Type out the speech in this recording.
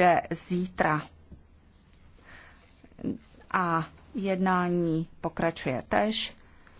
bude zítra. A jednání pokračuje tež.